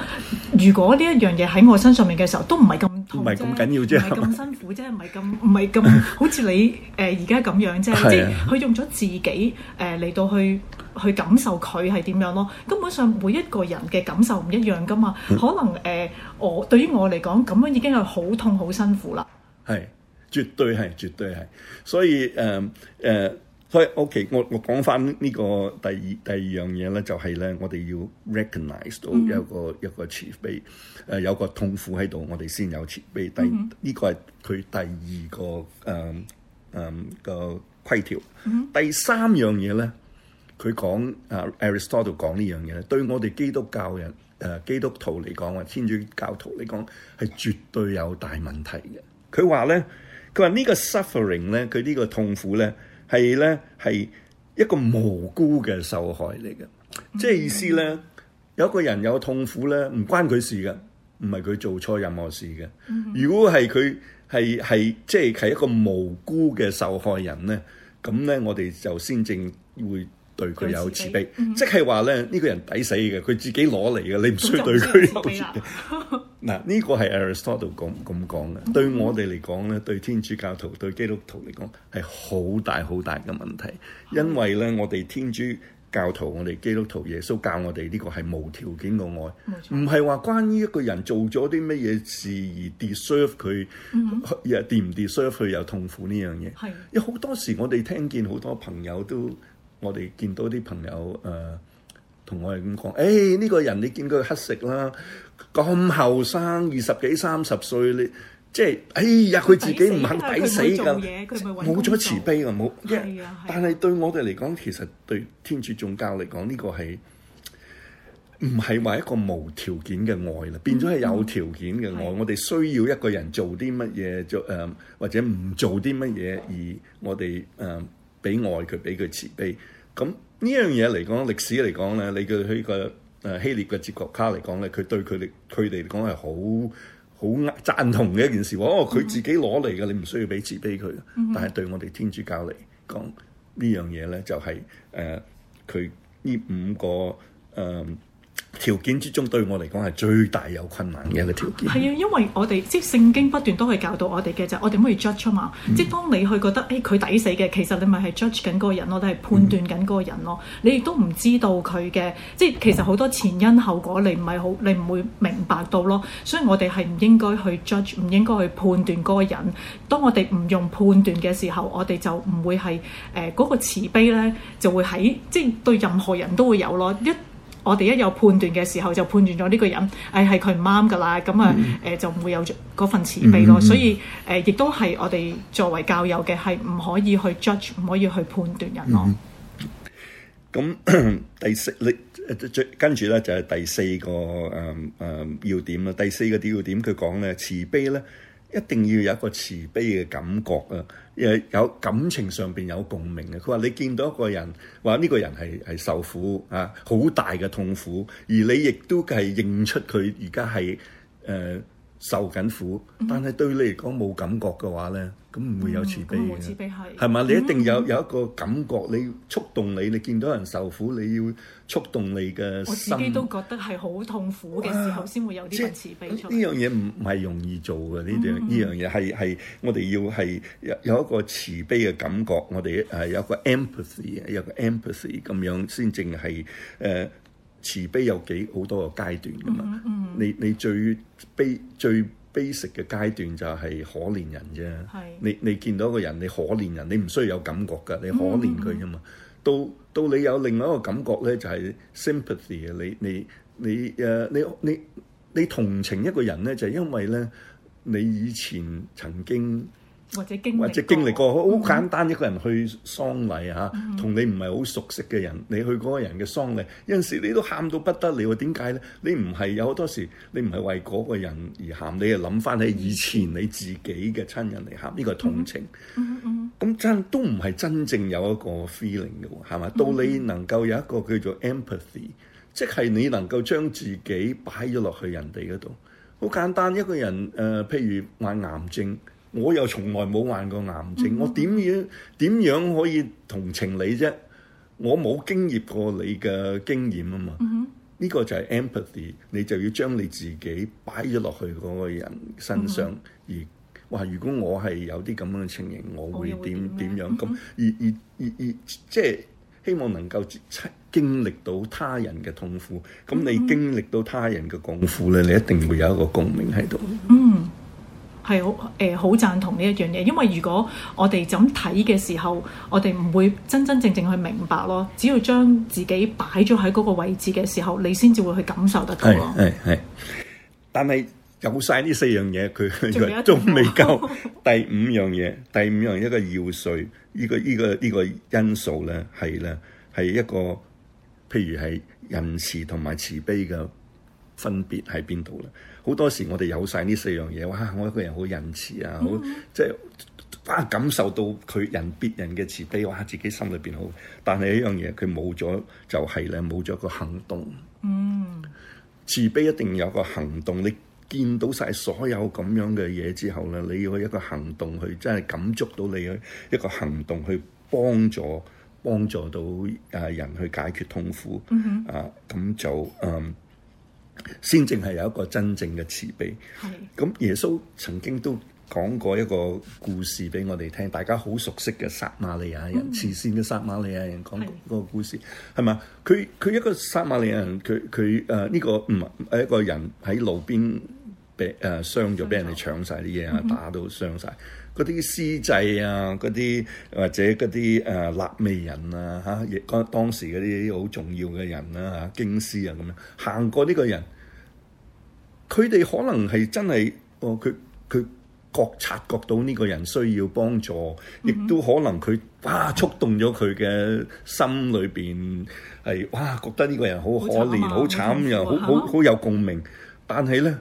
如果呢一樣嘢喺我身上面嘅時候，都唔係咁。唔係咁緊要啫，唔係咁辛苦啫，唔係咁，唔係咁好似你誒、呃、而家咁樣啫，即係佢用咗自己誒嚟、呃、到去去感受佢係點樣咯。根本上每一個人嘅感受唔一樣噶嘛，可能誒、呃、我對於我嚟講咁樣已經係好痛好辛苦啦。係，絕對係，絕對係。所以誒誒。呃呃所以 OK，我我講翻呢個第二第二樣嘢咧，就係咧，我哋要 recognize 到一個、mm hmm. 一個慈悲，誒有個痛苦喺度，我哋先有慈悲。第呢、mm hmm. 個係佢第二個誒誒、嗯嗯、個規條。Mm hmm. 第三樣嘢咧，佢講誒、啊、Aristotle 講呢樣嘢咧，對我哋基督教人誒、啊、基督徒嚟講啊，天主教徒嚟講係絕對有大問題嘅。佢話咧，佢話呢個 suffering 咧，佢呢個痛苦咧。係咧，係一個無辜嘅受害嚟嘅，即係意思咧，嗯、哼有個人有痛苦咧，唔關佢事嘅，唔係佢做錯任何事嘅。嗯、哼如果係佢係係即係係一個無辜嘅受害人咧，咁咧我哋就先正會對佢有慈悲，嗯、哼即係話咧呢、這個人抵死嘅，佢自己攞嚟嘅，你唔需要對佢有慈悲。嗯哼 [laughs] 嗱，呢、這個係 Aristotle 咁咁講嘅，mm hmm. 對我哋嚟講咧，對天主教徒、對基督徒嚟講係好大好大嘅問題，mm hmm. 因為咧，我哋天主教徒、我哋基督徒，耶穌教我哋呢、這個係無條件嘅愛，唔係話關於一個人做咗啲乜嘢事而 deserve 佢，又唔 deserve 佢又痛苦呢樣嘢。係、mm，有、hmm. 好多時我哋聽見好多朋友都，我哋見到啲朋友誒，同、呃、我哋咁講，誒、hey, 呢個人你見佢乞食啦。咁後生二十幾三十歲，你即係哎呀！佢自己唔肯抵死㗎，冇咗慈悲㗎、啊，冇但係對我哋嚟講，其實對天主宗教嚟講，呢個係唔係話一個無條件嘅愛啦？變咗係有條件嘅愛。嗯、我哋需要一個人做啲乜嘢做誒、呃，或者唔做啲乜嘢而我哋誒畀愛佢，畀佢慈悲。咁呢樣嘢嚟講，歷史嚟講咧，你嘅佢個。誒希臘嘅哲學家嚟講咧，佢對佢哋佢哋嚟講係好好贊同嘅一件事喎。哦，佢自己攞嚟嘅，你唔需要俾錢俾佢。但係對我哋天主教嚟講呢樣嘢咧，就係誒佢呢五個誒。呃條件之中對我嚟講係最大有困難嘅一個條件。係啊，因為我哋即係聖經不斷都係教導我哋嘅就係我哋唔可以 judge 嘛。嗯、即係當你去覺得誒佢抵死嘅，其實你咪係 judge 緊嗰個人咯，都係判斷緊嗰個人咯。嗯、你亦都唔知道佢嘅，即係其實好多前因後果你唔係好，你唔會明白到咯。所以我哋係唔應該去 judge，唔應該去判斷嗰個人。當我哋唔用判斷嘅時候，我哋就唔會係誒嗰個慈悲咧，就會喺即係對任何人都會有咯一。我哋一有判斷嘅時候，就判斷咗呢個人，誒係佢唔啱㗎喇，咁啊誒就唔、mm hmm. 呃、會有嗰份慈悲咯。Mm hmm. 所以誒、呃，亦都係我哋作為教友嘅，係唔可以去 judge，唔可以去判斷人咯。咁、mm hmm. 第四，你跟住咧就係、是、第四個誒誒、嗯嗯、要點啦。第四個點要點，佢講咧慈悲咧。一定要有一個慈悲嘅感覺啊！誒，有感情上邊有共鳴嘅啊。佢話你見到一個人，話呢個人係係受苦啊，好大嘅痛苦，而你亦都係認出佢而家係誒受緊苦，但係對你嚟講冇感覺嘅話呢。咁唔會有慈悲嘅，嗯、慈悲係嘛？你一定有、嗯、有一個感覺，你觸動你，你見到人受苦，你要觸動你嘅心。我自己都覺得係好痛苦嘅時候，先哇會有啲慈悲。呢樣嘢唔唔係容易做嘅，呢、嗯、樣呢樣嘢係係我哋要係有有一個慈悲嘅感覺，我哋誒有個 empathy，有個 empathy 咁樣先正係誒慈悲有幾好多個階段㗎嘛？嗯嗯嗯、你你最悲最。basic 嘅階段就係可憐人啫，是你你見到一個人你可憐人，你唔需要有感覺㗎，你可憐佢啫嘛。嗯、到到你有另外一個感覺咧，就係、是、sympathy 嘅，你你你誒你你你，你同情一個人咧，就係、是、因為咧，你以前曾經。或者經歷或者經歷過好簡單，一個人去喪禮啊，同你唔係好熟悉嘅人，你去嗰個人嘅喪禮有陣時，你都喊到不得了。點解呢？你唔係有好多時，你唔係為嗰個人而喊，你係諗翻起以前你自己嘅親人嚟喊。呢個係同情，咁真都唔係真正有一個 feeling 嘅喎，係咪？到你能夠有一個叫做 empathy，即係你能夠將自己擺咗落去人哋嗰度。好簡單，一個人誒，譬如患癌症。我又從來冇患過癌症，嗯、哼我點樣點樣可以同情你啫？我冇經驗過你嘅經驗啊嘛，呢、嗯、哼個就係 empathy，你就要將你自己擺咗落去嗰個人身上，嗯、哼而話如果我係有啲咁樣嘅情形，我會點點樣？咁而而而而即係希望能夠親經歷到他人嘅痛苦，咁、嗯、哼你經歷到他人嘅痛苦咧，你一定會有一個共鳴喺度。嗯係好誒，好贊同呢一樣嘢，因為如果我哋就咁睇嘅時候，我哋唔會真真正正去明白咯。只要將自己擺咗喺嗰個位置嘅時候，你先至會去感受得到咯。係係。但係有晒呢四樣嘢，佢仲未夠第五樣嘢，第五樣一個要素，呢、呢個呢、呢個呢、呢個因素咧係咧係一個，譬如係仁慈同埋慈悲嘅。分別喺邊度咧？好多時我哋有晒呢四樣嘢，哇！我一個人好仁慈啊，好、mm hmm. 即係啊感受到佢人別人嘅慈悲，哇！自己心裏邊好，但係一樣嘢佢冇咗就係、是、咧，冇咗個行動。嗯、mm，慈、hmm. 悲一定有一個行動。你見到晒所有咁樣嘅嘢之後咧，你要一個行動去，真係感觸到你一個行動去幫助幫助到誒人去解決痛苦。嗯、mm hmm. 啊咁就嗯。Um, 先正係有一個真正嘅慈悲。咁的耶穌曾經都講過一個故事俾我哋聽，大家好熟悉嘅撒瑪利亞人，嗯、慈善嘅撒瑪利亞人講個故事，係嘛的？佢佢一個撒瑪利亞人，佢佢誒呢個唔係、呃、一個人喺路邊俾誒、呃、傷咗，俾人哋搶晒啲嘢啊，嗯、打到傷晒。嗰啲司祭啊，嗰啲或者嗰啲誒肋未人啊，嚇亦嗰當時嗰啲好重要嘅人啦、啊、嚇，經師啊咁樣行過呢個人，佢哋可能係真係哦，佢佢覺察覺到呢個人需要幫助，亦、嗯、哼都可能佢哇觸動咗佢嘅心裏邊係哇覺得呢個人好可憐、好慘又、嗯、哼好好好有共鳴，嗯、哼但係咧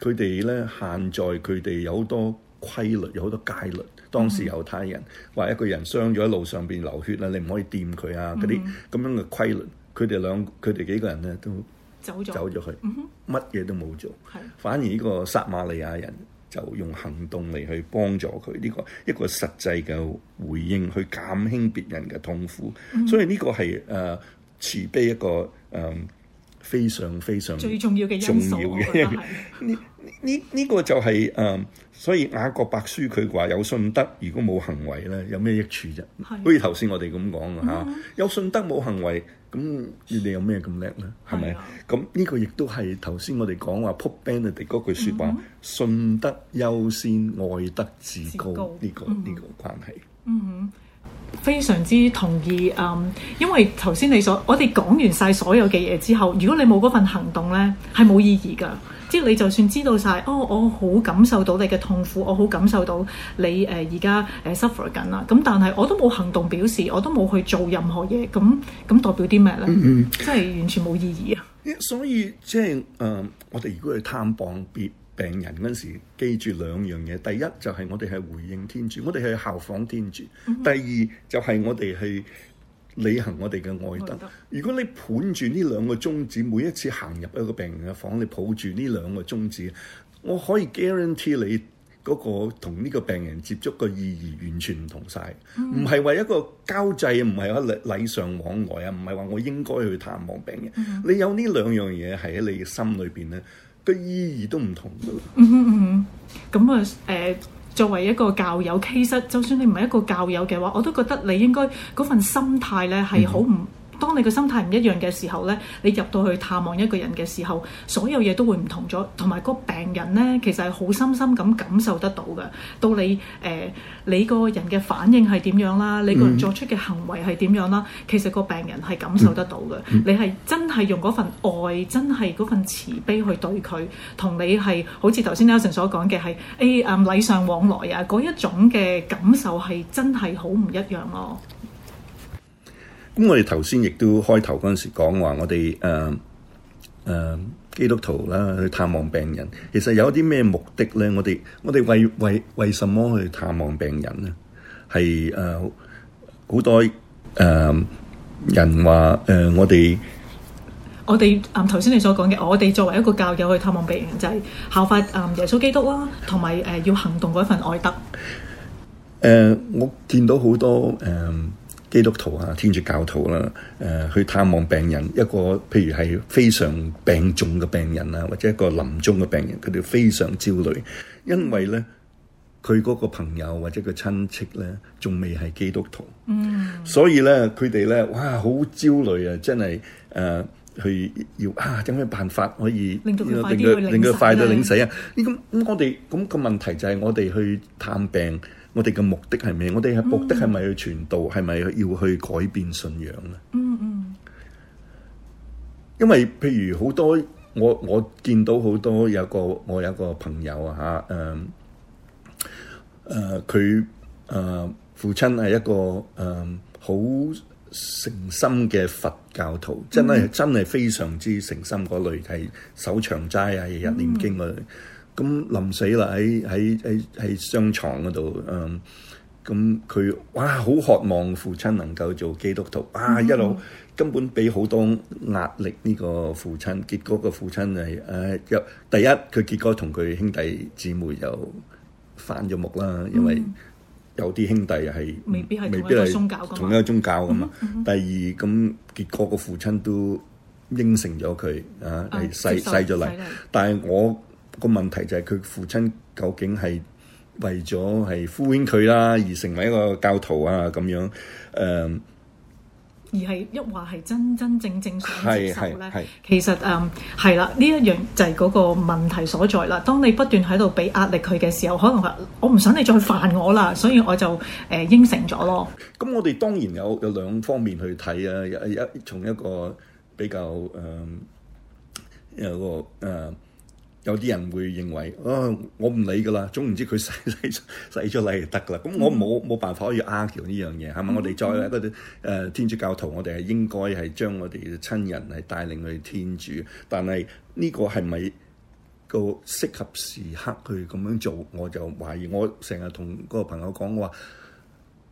佢哋咧現在佢哋有好多。規律有好多戒律，當時猶太人話一個人傷咗喺路上邊流血啦，你唔可以掂佢啊，嗰啲咁樣嘅規律，佢哋兩個人，佢哋幾個人咧都走咗了，走咗去，乜嘢、嗯、哼都冇做，的反而呢個撒瑪利亞人就用行動嚟去幫助佢，呢、這個一個實際嘅回應，去減輕別人嘅痛苦。嗯、所以呢個係誒慈悲一個誒非常非常重要嘅重要因素嘅。 [laughs] 呢呢個就係、是、誒、嗯，所以雅各伯書佢話有信德，如果冇行為咧，有咩益處啫？好似頭先我哋咁講吓，有信德冇行為，咁你哋有咩咁叻咧？係咪的？咁呢個亦都係頭先我哋講話扑 Band 哋嗰句說話，嗯、哼信德優先，愛德至高，呢高、這個呢、嗯、哼個關係。嗯哼，非常之同意。嗯，因為頭先你所我哋講完晒所有嘅嘢之後，如果你冇嗰份行動咧，係冇意義噶。即係你就算知道晒，哦，我好感受到你嘅痛苦，我好感受到你誒而家誒 suffer 緊啦。咁、呃呃呃呃呃呃呃呃、但係我都冇行動表示，我都冇去做任何嘢，咁咁代表啲咩咧？嗯嗯即係完全冇意義啊！所以即係誒，我哋如果去探望病病人嗰時，記住兩樣嘢。第一就係我哋係回應天主，我哋係效仿天主。第二就係我哋係。嗯嗯嗯履行我哋嘅愛德。如果你盤住呢兩個宗旨，每一次行入一個病人嘅房，你抱住呢兩個宗旨，我可以 guarantee 你，嗰、嗰個同呢個病人接觸嘅意義完全唔同晒，唔係為一個交際，唔係話禮禮尚往來啊，唔係話我應該去探望病人。Mm hmm. 你有呢兩樣嘢係喺你嘅心裏邊咧，嘅意義都唔同嘅。嗯咁啊誒。Hmm, mm hmm. 作為一個教友，其實就算你唔係一個教友嘅話，我都覺得你應該嗰份心態咧係好唔。當你個心態唔一樣嘅時候呢，你入到去探望一個人嘅時候，所有嘢都會唔同咗。同埋嗰病人呢，其實係好深深咁感受得到嘅。到你誒、呃、你個人嘅反應係點樣啦，你個人作出嘅行為係點樣啦，嗯、其實個病人係感受得到嘅。嗯、你係真係用嗰份愛，真係嗰份慈悲去對佢，同你係好似頭先阿 Sir 所講嘅係誒誒禮尚往來啊，嗰一種嘅感受係真係好唔一樣咯。咁我哋頭先亦都開頭嗰陣時講話，我哋誒誒基督徒啦去探望病人，其實有啲咩目的咧？我哋我哋為為為什麼去探望病人咧？係誒好多誒、呃、人話誒、呃、我哋我哋誒頭先你所講嘅，我哋作為一個教友去探望病人，就係、是、效法誒、呃、耶穌基督啦，同埋誒要行動嗰一份愛德。誒、呃，我見到好多誒。呃基督徒啊，天主教徒啦，誒、呃、去探望病人，一個譬如係非常病重嘅病人啊，或者一個臨終嘅病人，佢哋非常焦慮，因為咧佢嗰個朋友或者佢親戚咧，仲未係基督徒，嗯，所以咧佢哋咧，哇，好焦慮啊，真係誒去要啊，有咩辦法可以令佢令佢快啲領洗啊？咁、欸、咁，我哋咁個問題就係我哋去探病。我哋嘅目的係咩？我哋嘅目的係咪去傳道？係咪、嗯、要去改變信仰咧、嗯？嗯嗯，因為譬如好多我我見到好多有個我有一個朋友啊嚇誒誒佢誒父親係一個誒好、啊、誠心嘅佛教徒，真係真係非常之誠心嗰類，係、嗯、守長齋啊，日日念經啊。嗯嗯咁臨死啦，喺喺喺喺病床嗰度，嗯，咁佢哇好渴望父親能夠做基督徒，啊一路根本俾好多壓力呢個父親，結果個父親就係誒，第一佢結果同佢兄弟姊妹又翻咗目啦，嗯、因為有啲兄弟係未必係同一個宗教咁，同一個宗教咁。嗯嗯嗯、第二，咁結果個父親都應承咗佢啊，係洗洗咗嚟。受但係我。個問題就係佢父親究竟係為咗係敷衍佢啦，而成為一個教徒啊咁樣，誒，而係一話係真真正正信接受咧。其實誒係啦，呢一樣就係嗰個問題所在啦。當你不斷喺度俾壓力佢嘅時候，可能話我唔想你再煩我啦，所以我就誒應承咗咯。咁我哋當然有有兩方面去睇啊，一從一個比較誒有個誒。有啲人會認為，啊、哦，我唔理㗎喇，總唔知佢洗洗洗出嚟就得㗎喇。咁、嗯、我冇冇辦法可以拗撬呢樣嘢係咪？我哋、嗯、作為一個誒天主教徒，我哋係應該係將我哋嘅親人係帶領去天主。但係呢個係咪個適合時刻去咁樣做？我就懷疑。我成日同個朋友講話，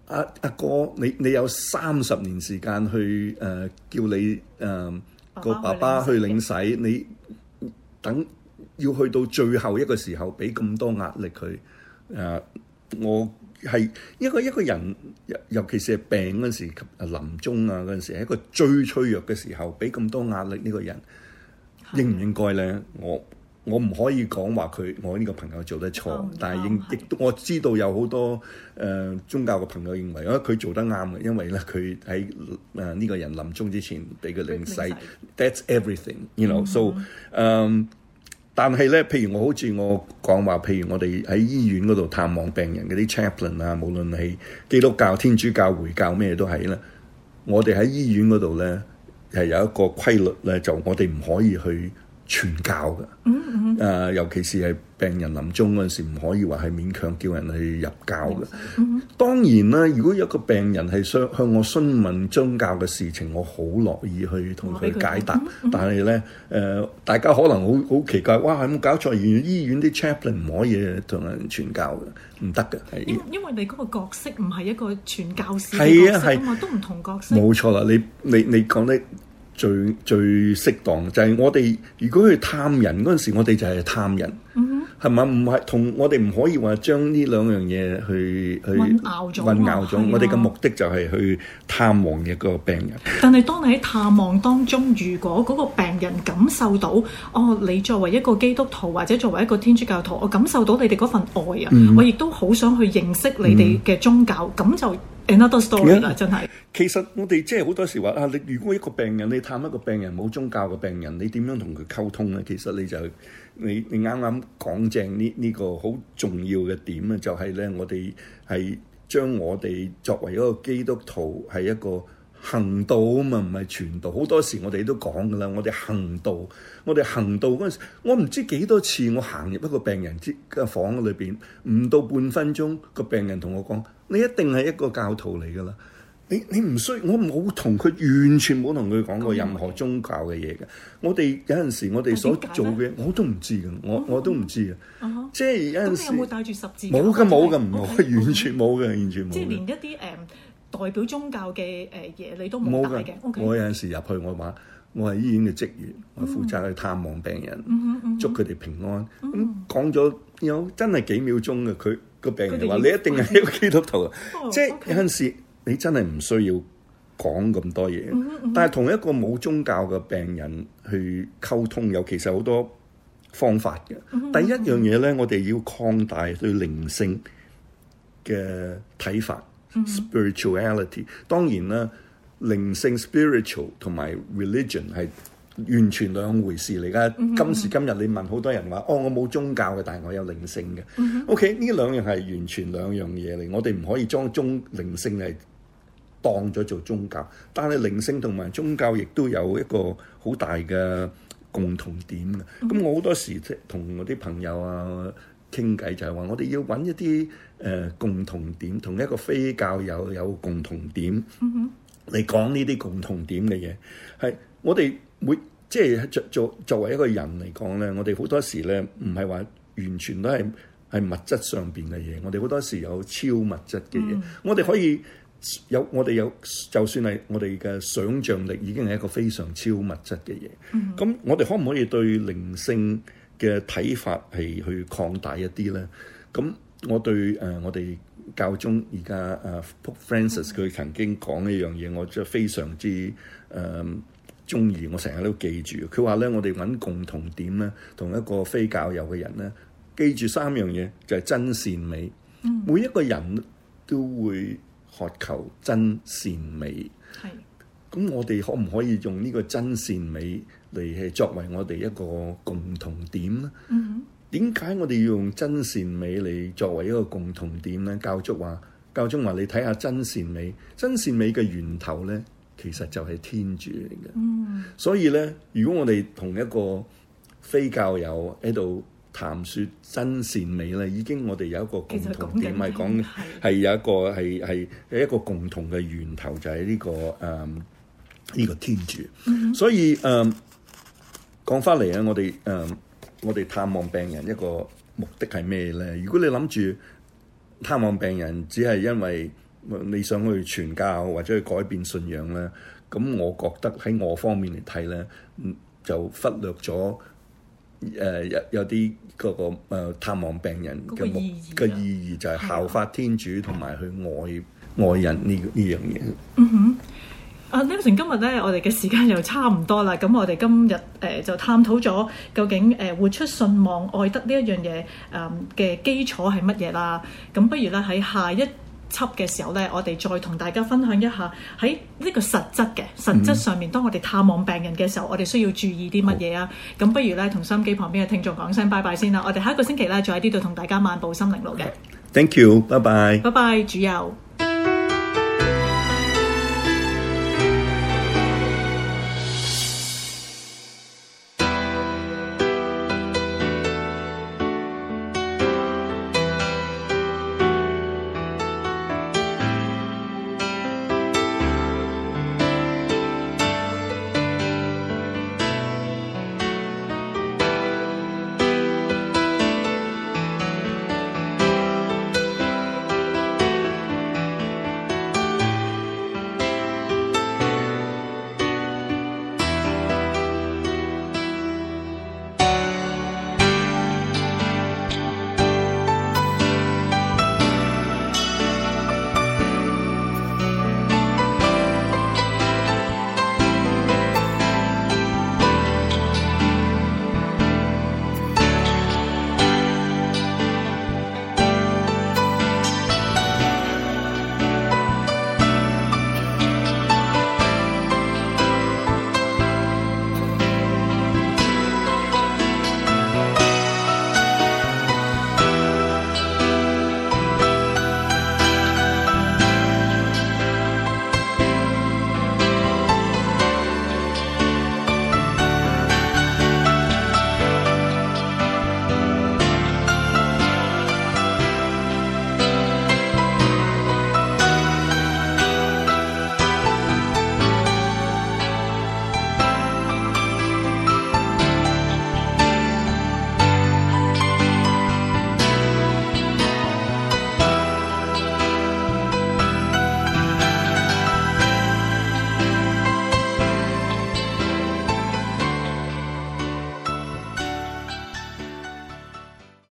阿、啊、阿、啊、哥，你你有三十年時間去誒、呃、叫你誒、呃、個爸爸去領洗，你等。要去到最後一個時候，俾咁多壓力佢，誒、呃，我係一個一個人，尤其是係病嗰時及臨終啊嗰陣時，喺一個最脆弱嘅時候，俾咁多壓力呢個人，的應唔應該呢？我我唔可以講話佢，我呢個朋友做得錯，oh, 但係亦都我知道有好多誒、呃、宗教嘅朋友認為，啊佢做得啱嘅，因為咧佢喺誒呢個人臨終之前俾佢領洗勢，That's everything，you know，so，、mm hmm. um, 但係咧，譬如我好似我講話，譬如我哋喺醫院嗰度探望病人嗰啲 chaplain 啊，無論係基督教、天主教、回教咩都係啦。我哋喺醫院嗰度咧係有一個規律咧，就我哋唔可以去傳教嘅，誒、mm hmm. 呃、尤其是係病人臨終嗰陣時，唔可以話係勉強叫人去入教嘅。Mm hmm. 當然啦，如果一個病人係向向我詢問宗教嘅事情，我好樂意去同佢解答。Mm hmm. 但係咧，誒、呃、大家可能好好奇怪，哇係冇搞錯？醫院醫院啲 chaplain 唔可以同人傳教嘅，唔得嘅。因為因為你嗰個角色唔係一個傳教士嘅角色，啊、都唔同角色。冇錯啦，你你你講咧。最最適當就係、是、我哋如果去探人嗰陣時，我哋就係探人，係咪？唔係，同我哋唔可以話將呢兩樣嘢去去混淆咗？混淆咗，啊、我哋嘅目的就係去探望一個病人。但係當你喺探望當中，如果嗰個病人感受到，哦，你作為一個基督徒或者作為一個天主教徒，我感受到你哋嗰份愛啊，嗯、我亦都好想去認識你哋嘅宗教，咁、嗯、就。Another story, 其實我哋即係好多時話啊，你如果一個病人，你探一個病人冇宗教嘅病人，你點樣同佢溝通呢？其實你就你你啱啱講正呢呢個好重要嘅點啊，就係咧，我哋係將我哋作為一個基督徒係一個。行道嘛唔係傳道，好多時我哋都講噶啦。我哋行道，我哋行道嗰陣時，我唔知幾多次我行入一個病人嘅房裏邊，唔到半分鐘，個病人同我講：你一定係一個教徒嚟噶啦！你你唔需，我冇同佢完全冇同佢講過任何宗教嘅嘢嘅。我哋有陣時我哋所做嘅我都唔知嘅，我我都唔知嘅。即係有陣時，有冇帶住十字架？冇噶，冇噶唔會，完全冇嘅，完全冇。即係連一啲誒。代表宗教嘅誒嘢，你都唔解嘅。有 Okay. 我有陣時入去，我話我係醫院嘅職員，我負責去探望病人，mm hmm. 祝佢哋平安。咁講咗有真係幾秒鐘嘅，佢個病人就話：「你一定係一個基督徒啊！Okay. 即係有陣時，你真係唔需要講咁多嘢。Mm hmm. 但係同一個冇宗教嘅病人去溝通，有其實好多方法嘅。Mm hmm. 第一樣嘢咧，我哋要擴大對靈性嘅睇法。Mm hmm. Spirituality，當然啦，靈性 spiritual 同埋 religion 係完全兩回事嚟嘅。Mm hmm. 今時今日你問好多人話：mm hmm. 哦，我冇宗教嘅，但係我有靈性嘅。Mm hmm. O.K. 呢兩樣係完全兩樣嘢嚟，我哋唔可以將宗靈性係當咗做宗教。但係靈性同埋宗教亦都有一個好大嘅共同點嘅。咁、mm hmm. 我好多時同我啲朋友啊傾偈就係話：我哋要揾一啲。誒、呃、共同點，同一個非教友有共同點嚟講呢啲共同點嘅嘢，係我哋每即係作作作為一個人嚟講咧，我哋好多時咧唔係話完全都係係物質上邊嘅嘢，我哋好多時有超物質嘅嘢，我哋可以有我哋有，就算係我哋嘅想像力已經係一個非常超物質嘅嘢。咁、mm hmm. 我哋可唔可以對靈性嘅睇法係去擴大一啲咧？咁我對誒、呃、我哋教宗而家誒 Pope Francis 佢曾經講一樣嘢，嗯、我真係非常之誒中意，我成日都記住。佢話咧，我哋揾共同點咧，同一個非教友嘅人咧，記住三樣嘢就係、是、真善美。嗯、每一個人都會渴求真善美。係。是。咁我哋可唔可以用呢個真善美嚟係作為我哋一個共同點咧？嗯哼點解我哋要用真善美嚟作為一個共同點咧？教宗話，教宗話：你睇下真善美，真善美嘅源頭咧，其實就係天主嚟嘅。嗯。所以咧，如果我哋同一個非教友喺度談説真善美咧，已經我哋有一個共同點，係講係有一個係係一個共同嘅源頭，就係呢個誒呢個天主。嗯哼。所以誒、嗯，講翻嚟啊，我哋誒。嗯我哋探望病人一個目的係咩呢？如果你諗住探望病人，只係因為你想去傳教或者去改變信仰呢，咁我覺得喺我方面嚟睇呢，就忽略咗誒、呃、有有啲嗰個探望病人嘅目嘅、啊、意義就係效法天主同埋去愛的愛人呢呢樣嘢。這個嗯哼。阿 Nelson 今日咧，我哋嘅時間又差唔多啦。咁我哋今日誒、呃、就探討咗究竟誒、呃、活出信望愛德呢一樣嘢誒嘅基礎係乜嘢啦？咁不如咧喺下一輯嘅時候咧，我哋再同大家分享一下喺呢個實質嘅實質上面，嗯、當我哋探望病人嘅時候，我哋需要注意啲乜嘢啊？咁好不如咧，同收音機旁邊嘅聽眾講聲拜拜先啦。我哋下一個星期咧，就喺呢度同大家漫步心靈路嘅。Thank you，拜拜。拜拜，主佑。